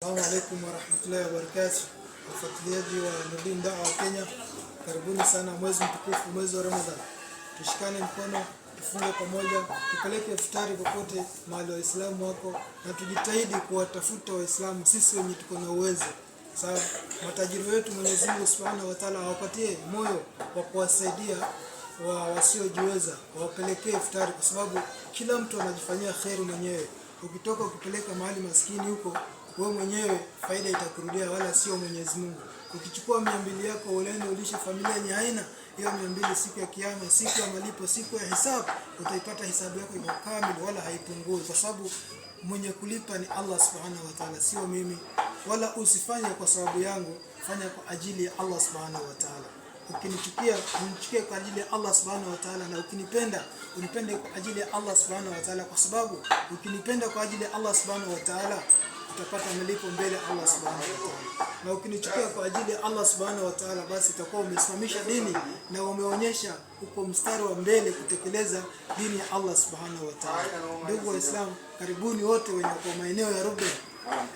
Assalamu alaikum warahmatullahi wabarakatuh, wafuatiliaji wa Nurdin Dawa wa Kenya, karibuni sana mwezi mtukufu, mwezi wa Ramadhan. Tushikane mkono, tufunge pamoja, tupeleke iftari popote mahali waislamu wako, na tujitahidi kuwatafuta waislamu sisi wenye tuko na uwezo sawa. Matajiri wetu Mwenyezi Mungu subhanahu wa taala awapatie moyo wa kuwasaidia wa wasiojiweza, wawapelekee iftari, kwa sababu kila mtu anajifanyia kheri mwenyewe ukitoka ukipeleka mahali maskini huko, wewe mwenyewe faida itakurudia, wala sio Mwenyezi Mungu. Ukichukua mia mbili yako uende ulishe familia yenye haina, hiyo mia mbili siku ya Kiyama, siku ya malipo, siku ya hisabu, utaipata hisabu yako iko kamili, wala haipungui, kwa sababu mwenye kulipa ni Allah subhanahu wa ta'ala, sio mimi. Wala usifanye kwa sababu yangu, fanya kwa ajili ya Allah subhanahu wa ta'ala ukinichukia unichukie kwa ajili ya Allah subhanahu wa ta'ala, na ukinipenda unipende kwa ajili ya Allah subhanahu wa ta'ala, kwa sababu ukinipenda kwa ajili ya Allah subhanahu wa ta'ala utapata malipo mbele ya Allah subhanahu wa ta'ala, na ukinichukia kwa ajili ya Allah subhanahu wa ta'ala, basi utakuwa umesimamisha dini na umeonyesha uko mstari wa mbele kutekeleza dini ya Allah subhanahu wa ta'ala. Ndugu Waislamu, karibuni wote wenye kwa maeneo ya Ruben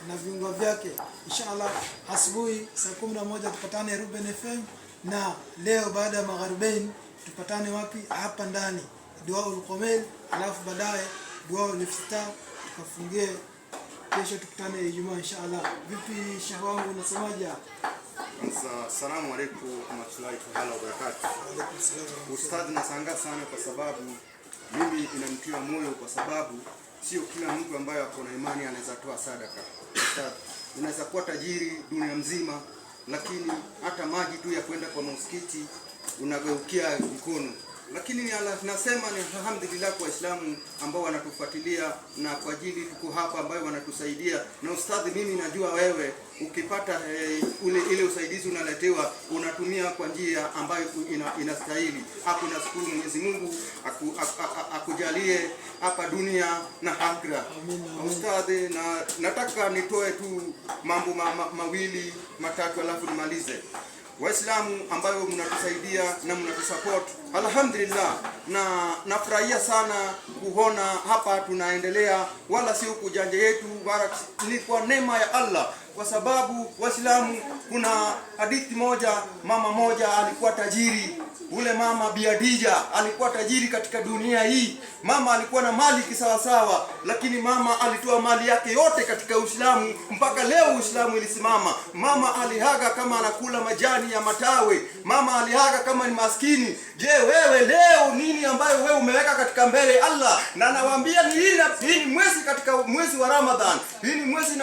na viungo vyake. Inshallah, asubuhi saa 11 tupatane Ruben FM na leo baada ya magharibain tupatane wapi? Hapa ndani dua ulqomel, alafu baadaye dua uliftita tukafungie. Kesho tukutane Ijumaa insha Allah. Vipi shah wangu, unasemaje? Assalamu alaykum warahmatullahi taala wabarakatuh. Ustadhi, nashangaa sana kwa sababu mimi inanitia moyo kwa sababu sio kila mtu ambaye ako na imani anaweza toa sadaka. Ustadhi, unaweza kuwa tajiri dunia mzima lakini hata maji tu ya kwenda kwa msikiti unageukia mkono. Lakini nasema ni alhamdulillah kwa Waislamu ambao wanatufuatilia na kwa ajili tuko hapa, ambayo wanatusaidia. Na ustadhi, mimi najua wewe ukipata eh, ule ile usaidizi unaletewa unatumia kwa njia ambayo inastahili. Hapo nashukuru Mwenyezi Mungu akujalie aku, aku, aku hapa dunia na akhira. Ustadhi, na nataka nitoe tu mambo ma, ma, mawili matatu alafu nimalize. Waislamu ambayo mnatusaidia na mnatusupport, alhamdulillah, na nafurahia sana kuona hapa tunaendelea, wala sio kujanja yetu, wala ni kwa neema ya Allah, kwa sababu Waislamu, kuna hadithi moja, mama moja alikuwa tajiri Ule mama biadija alikuwa tajiri katika dunia hii. Mama alikuwa na mali kisawasawa, lakini mama alitoa mali yake yote katika Uislamu. Mpaka leo Uislamu ilisimama. Mama alihaga kama anakula majani ya matawe, mama alihaga kama ni maskini. Je, wewe leo nini ambayo wewe umeweka katika mbele Allah? Na nawaambia ni hii, ni mwezi katika mwezi wa Ramadhan, hii ni mwezi na